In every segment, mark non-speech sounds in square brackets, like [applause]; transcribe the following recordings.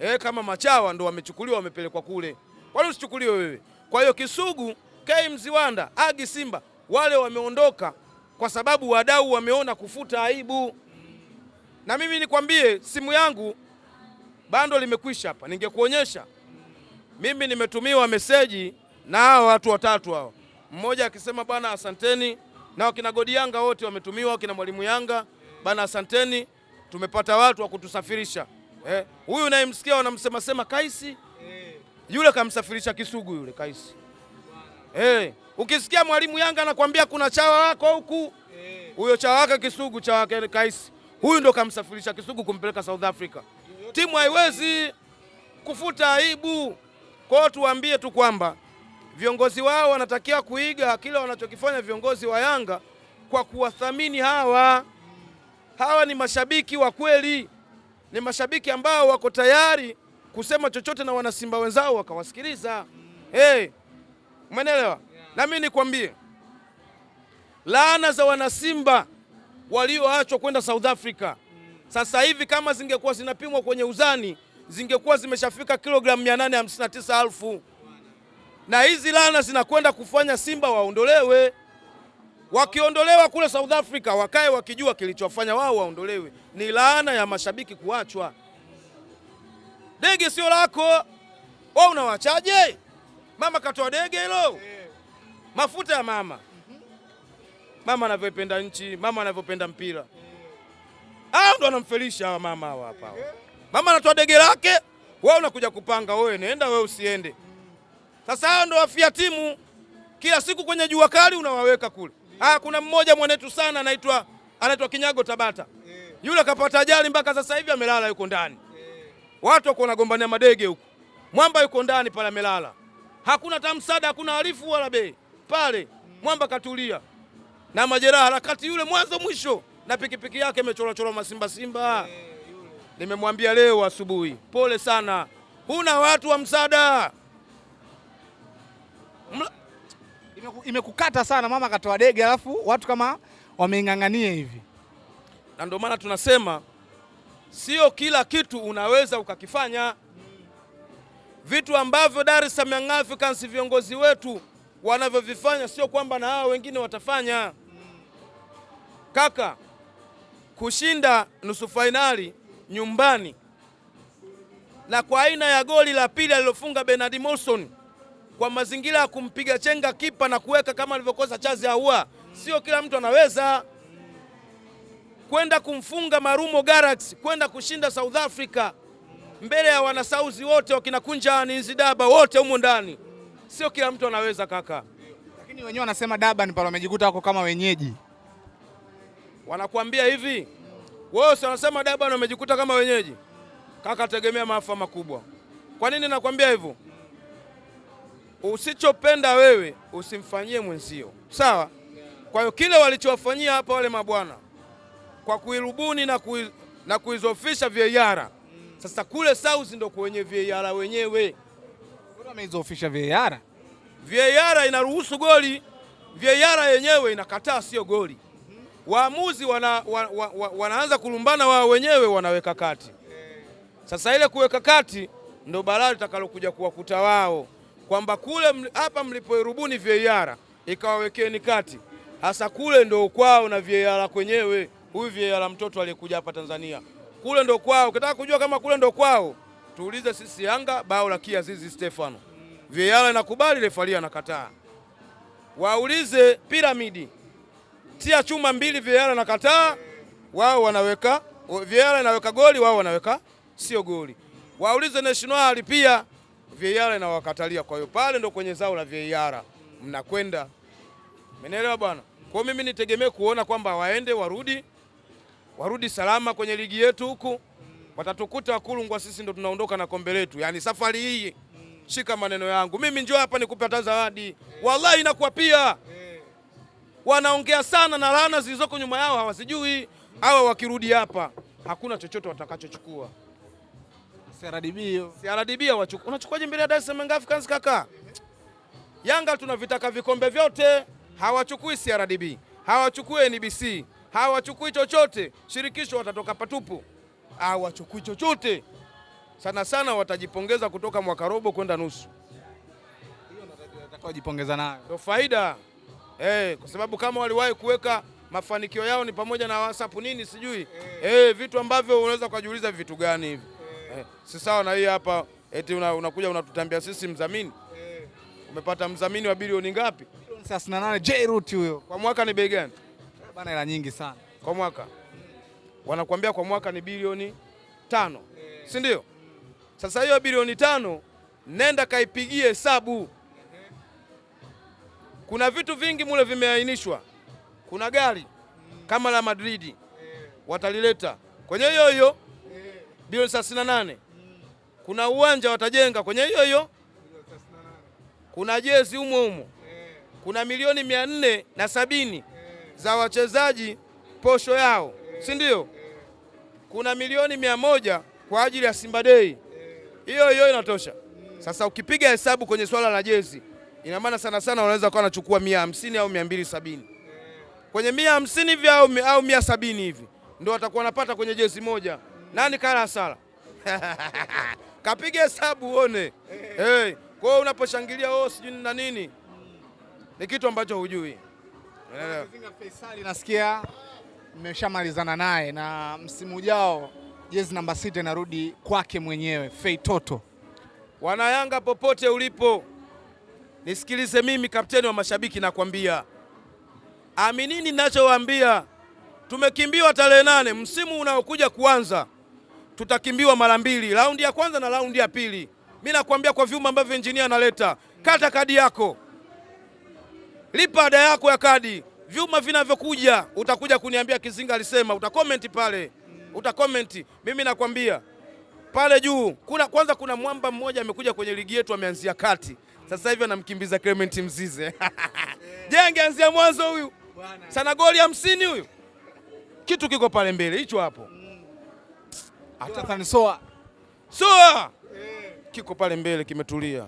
eh, kama machawa ndo wamechukuliwa wamepelekwa kule. Kwa nini usichukuliwe wewe? Kwa hiyo Kisugu, KM Ziwanda, Agi Simba wale wameondoka kwa sababu wadau wameona kufuta aibu. Na mimi nikwambie, simu yangu bando limekwisha hapa, ningekuonyesha mimi nimetumiwa meseji na hawa watu watatu hao, mmoja akisema bwana asanteni, na wakina Godi Yanga wote wametumiwa, wakina Mwalimu Yanga bana asanteni, tumepata watu wa kutusafirisha. Eh, huyu eh, unayemsikia wanamsemasema Kaisi yule kamsafirisha Kisugu yule Kaisi eh, ukisikia mwalimu Yanga anakwambia kuna chawa wako huku huyo chawa wake Kisugu, chawa wake Kaisi, huyu ndo kamsafirisha Kisugu kumpeleka South Africa. Timu haiwezi kufuta aibu. Kwa hiyo tuwaambie tu kwamba viongozi wao wanatakiwa kuiga kile wanachokifanya viongozi wa Yanga kwa kuwathamini hawa. Hawa ni mashabiki wa kweli ni mashabiki ambao wako tayari kusema chochote na wanasimba wenzao wakawasikiliza. Hey, umeelewa? Na mimi nikwambie laana za wanasimba walioachwa kwenda South Africa sasa hivi kama zingekuwa zinapimwa kwenye uzani zingekuwa zimeshafika kilogramu 859,000 na hizi laana zinakwenda kufanya Simba waondolewe wakiondolewa kule South Africa wakae wakijua kilichofanya wao waondolewe ni laana ya mashabiki kuachwa. Dege sio lako, wewe unawachaje? Mama katoa dege hilo, mafuta ya mama, mama anavyopenda nchi, mama anavyopenda mpira. ndo anamfelisha hawa mama hawa hapa. Mama anatoa dege lake, wewe unakuja kupanga, wewe nenda, wewe usiende. Sasa hao ndo wafia timu, kila siku kwenye jua kali unawaweka kule Ah, kuna mmoja mwanetu sana anaitwa anaitwa Kinyago Tabata. Eh. Yule kapata ajali mpaka sasa hivi amelala yuko ndani. Eh. Watu wako wanagombania madege huko. Mwamba yuko ndani pale amelala. Hakuna tamsada, hakuna harifu wala bei. Pale mm. Mwamba katulia. Na majeraha harakati yule mwanzo mwisho na pikipiki yake imechorachora masimba simba. Eh, Nimemwambia leo asubuhi, pole sana. Huna watu wa msaada imekukata sana, mama akatoa dege, alafu watu kama wameing'ang'ania hivi. Na ndio maana tunasema sio kila kitu unaweza ukakifanya. Vitu ambavyo Dar es Salaam Young Africans viongozi wetu wanavyovifanya, sio kwamba na hao wengine watafanya. Kaka, kushinda nusu fainali nyumbani na kwa aina ya goli la pili alilofunga Bernard Morrison kwa mazingira ya kumpiga chenga kipa na kuweka kama alivyokosa chazi aua. Sio kila mtu anaweza kwenda kumfunga Marumo Galaxy, kwenda kushinda South Africa mbele ya wanasauzi wote wakinakunja ninzidaba wote humo ndani. Sio kila mtu anaweza kaka, lakini wenyewe wanasema Durban pale wamejikuta wako kama wenyeji, wanakuambia hivi wao, si wanasema Durban wamejikuta kama wenyeji. Kaka, tegemea maafa makubwa. Kwa nini nakwambia hivyo? usichopenda wewe usimfanyie mwenzio, sawa? Kwa hiyo kile walichowafanyia hapa wale mabwana kwa kuirubuni na, kui, na kuizofisha VAR. Sasa kule South ndo kwenye VAR wenyewe wameizofisha VAR. VAR inaruhusu goli, VAR yenyewe inakataa sio goli. Waamuzi wana, wa, wa, wa, wanaanza kulumbana wao wenyewe, wanaweka kati. Sasa ile kuweka kati ndo balaa litakalokuja kuwakuta wao kwamba kule hapa mlipoirubuni VAR ikawawekeni kati, hasa kule ndo kwao na VAR kwenyewe. Huyu VAR mtoto aliyekuja hapa Tanzania, kule ndo kwao. Ukitaka kujua kama kule ndo kwao, tuulize sisi Yanga, bao la Kiazizi Stefano, VAR inakubali, refali anakataa. Waulize Piramidi, tia chuma mbili, VAR anakataa, wao wanaweka VAR inaweka goli, wao wanaweka sio goli. Waulize National pia VAR inawakatalia. Kwa hiyo pale ndo kwenye zao la VAR mnakwenda, menelewa bwana? Kwa mimi nitegemee kuona kwamba waende warudi, warudi salama kwenye ligi yetu huku, watatukuta Wakulungwa, sisi ndo tunaondoka na kombe letu. Yani safari hii shika maneno yangu mimi, njoo hapa nikupe hata zawadi, wallahi pia Wanaongea sana na laana zilizoko nyuma yao hawazijui. Hawa wakirudi hapa hakuna chochote watakachochukua. CRDB hiyo. CRDB wachukua. Unachukuaje mbele ya Dar es Salaam Africans kaka? Yanga tunavitaka vikombe vyote, hawachukui CRDB, hawachukui NBC, hawachukui chochote. Shirikisho watatoka patupu, hawachukui chochote. Sana sana watajipongeza kutoka mwaka robo kwenda nusu, Hiyo watajipongeza nayo ndio faida eh, kwa sababu kama waliwahi kuweka mafanikio yao ni pamoja na WhatsApp nini sijui eh, hey, eh, vitu ambavyo unaweza kujiuliza vitu gani hivi Eh, si sawa na hii hapa eti unakuja una unatutambia sisi mdhamini eh. Umepata mdhamini wa bilioni ngapi? Bilioni 38 J Root huyo. Kwa mwaka ni bei gani? Eh, bana hela nyingi sana. Kwa mwaka wanakuambia kwa mwaka ni bilioni tano eh. Si ndio? Sasa hiyo bilioni tano nenda kaipigie hesabu. Eh. Kuna vitu vingi mule vimeainishwa. Kuna gari mm. kama la Madrid watalileta kwenye hiyo hiyo bilioni 38. Kuna uwanja watajenga kwenye hiyo hiyo, kuna jezi humo humo, kuna milioni mia nne na sabini za wachezaji posho yao, si ndio? Kuna milioni mia moja kwa ajili ya Simba Day, hiyo hiyo inatosha. Sasa ukipiga hesabu kwenye swala la jezi, ina maana sana sana unaweza kuwa wanachukua mia hamsini au mia mbili sabini kwenye mia hamsini hivi au mia sabini hivi ndio watakuwa wanapata kwenye jezi moja. Nani kala sala? [laughs] Kapige hesabu uone. Hey, kwa hiyo unaposhangilia wewe oh, sijui na nini ni kitu ambacho hujui. Unaelewa? Faisal nasikia mmeshamalizana naye na msimu ujao jezi namba sita inarudi kwake mwenyewe Fei Toto. Wanayanga popote ulipo, nisikilize mimi, kapteni wa mashabiki, nakwambia aminini ninachowaambia. Tumekimbiwa tarehe nane, msimu unaokuja kuanza tutakimbiwa mara mbili, raundi ya kwanza na raundi ya pili. Mi nakwambia kwa vyuma ambavyo injinia analeta, kata kadi yako, lipa ada yako ya kadi. Vyuma vinavyokuja utakuja kuniambia Kizinga alisema, utakomenti pale, utakomenti. Mimi nakwambia pale juu kuna kwanza, kuna mwamba mmoja amekuja kwenye ligi yetu, ameanzia kati, sasa hivi anamkimbiza Clement Mzize. [laughs] Je, angeanzia mwanzo huyu sana, goli hamsini huyu, kitu kiko pale mbele hicho hapo. Jonathan Soa. Soa. Eh. Kiko pale mbele kimetulia.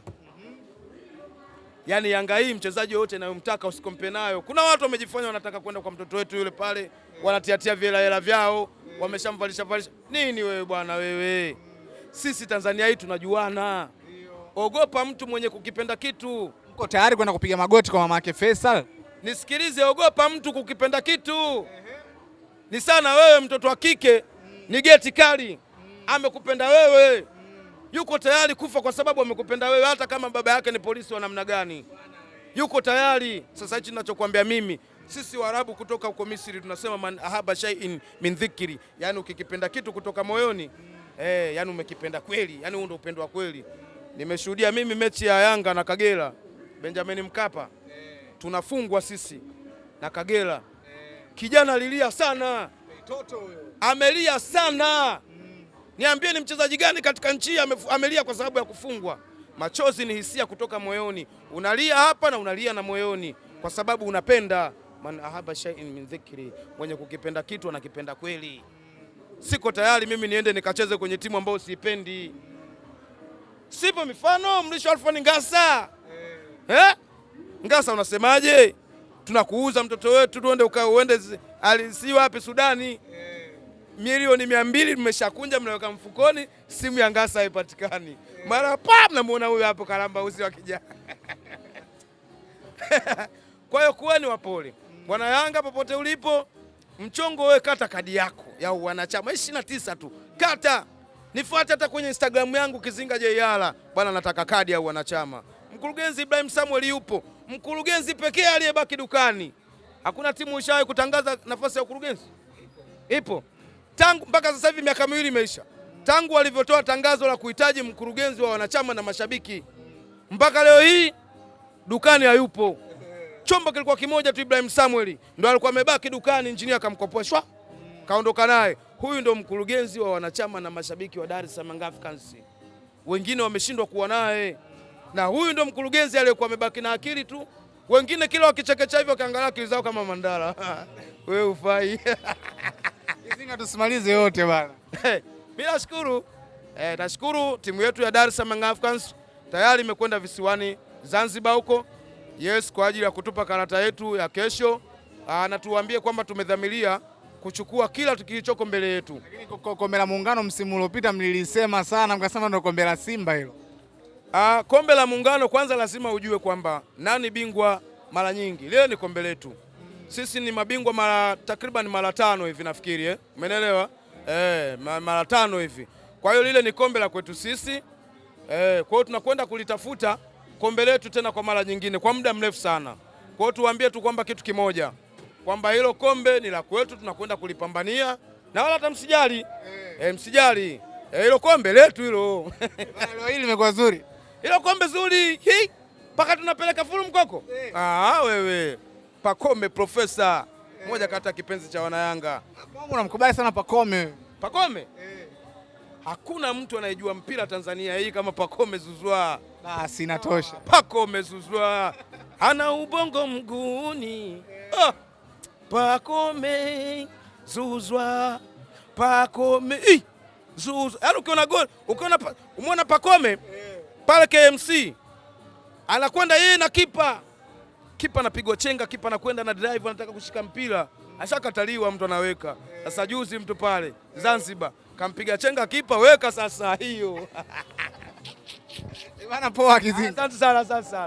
Yaani Yanga hii mchezaji yote nayomtaka usikompe nayo. Kuna watu wamejifanya wanataka kwenda kwa mtoto wetu yule pale, wanatiatia vile hela vyao, wameshamvalisha valisha. Nini wewe bwana wewe? Sisi Tanzania hii tunajuana. Ogopa mtu mwenye kukipenda kitu. Mko tayari kwenda kupiga magoti kwa mama yake Faisal? Nisikilize, ogopa mtu kukipenda kitu. Ni sana wewe mtoto wa kike ni geti kali, amekupenda wewe, yuko tayari kufa kwa sababu amekupenda wewe, hata kama baba yake ni polisi wa namna gani, yuko tayari. Sasa hichi ninachokuambia mimi sisi Waarabu kutoka huko Misri tunasema man ahaba shay'in min dhikri, yani ukikipenda kitu kutoka moyoni eh, yani umekipenda kweli, yani huo ndio upendo wa kweli. Nimeshuhudia mimi mechi ya Yanga na Kagera Benjamin Mkapa, eh. tunafungwa sisi na Kagera, kijana lilia sana amelia sana. Niambie, ni mchezaji gani katika nchi hii amelia kwa sababu ya kufungwa? Machozi ni hisia kutoka moyoni, unalia hapa na unalia na moyoni, kwa sababu unapenda. Man ahaba shay'in min dhikri, mwenye kukipenda kitu anakipenda kweli. Siko tayari mimi niende nikacheze kwenye timu ambayo siipendi. Sipo mifano Mrisho Alfani Ngasa eh. Eh? Ngasa unasemaje? Tunakuuza mtoto wetu tuende uende alisi wapi? Sudani. Milioni mia mbili mmeshakunja mnaweka mfukoni, simu ya Ngasa haipatikani, mara pa mnamuona huyu hapo Kalamba usi wa kijana [laughs] kwa hiyo ni wapole bwana Yanga, popote ulipo mchongo wewe, kata kadi yako ya wanachama ishirini na tisa tu kata. Nifuate hata kwenye Instagram yangu Kizinga Jeiala, bwana nataka kadi ya wanachama. Mkurugenzi Ibrahim Samuel yupo, mkurugenzi pekee aliyebaki dukani. Hakuna timu ishawahi kutangaza nafasi ya ukurugenzi? Ipo tangu mpaka sasa hivi, miaka miwili imeisha tangu walivyotoa tangazo la kuhitaji mkurugenzi wa wanachama na mashabiki, mpaka leo hii dukani hayupo. Chombo kilikuwa kimoja tu, Ibrahim Samuel ndo alikuwa amebaki dukani, injinia akamkoposhwa, kaondoka naye. Huyu ndo mkurugenzi wa wanachama na mashabiki wa Dar es Salaam Africans, wengine wameshindwa kuwa naye, na huyu ndo mkurugenzi aliyekuwa amebaki na akili tu wengine kila wakichekecha hivyo wakiangalia akili zao kama Mandala [laughs] wewe ufai [laughs] izinga tusimalize yote bana. Mimi nashukuru eh, nashukuru timu yetu ya Dar es Salaam Africans tayari imekwenda visiwani Zanzibar huko, yes, kwa ajili ya kutupa karata yetu ya kesho ah, na kwamba tumedhamiria kuchukua kila kilichoko mbele yetu. Lakini kombe la muungano msimu uliopita mlilisema sana, mkasema ndio kombe la Simba hilo. Ah, kombe la Muungano kwanza lazima ujue kwamba nani bingwa mara nyingi. Lile ni kombe letu sisi, ni mabingwa mara takriban mara tano hivi nafikiri, eh? Umeelewa? Eh, mara tano hivi. Kwa hiyo lile ni kombe la kwetu sisi. Eh, kwa hiyo tunakwenda kulitafuta kombe letu tena kwa mara nyingine kwa muda mrefu sana. Kwa hiyo tuwaambie tu kwamba kitu kimoja kwamba hilo kombe ni la kwetu, tunakwenda kulipambania na wala hata msijali. Eh, eh msijali. Eh, hilo kombe letu hilo. Hilo hili limekuwa zuri. Ilo kombe zuri hii mpaka tunapeleka fulu mkoko eh. Ah, wewe Pakome profesa hey. Moja kati ya kipenzi cha wanayanga. namkubali sana Pakome. Pakome hey. Eh. Hakuna mtu anayejua mpira Tanzania hii kama Pakome Zuzwa. Basi inatosha. Ah, Pakome Zuzwa ana ubongo mguuni hey. oh. Ah. Pakome Zuzwa Pakome Zuzwa. Yaani ukiona goli ukiona umeona Pakome hey. Eh pale KMC anakwenda yeye na kipa, kipa anapigwa chenga, kipa anakwenda na drive, anataka kushika mpira ashakataliwa, mtu anaweka. Sasa juzi mtu pale Zanzibar kampiga chenga kipa, weka sasa hiyo. [laughs] Bana poa kizini. Asante sana, asante sana.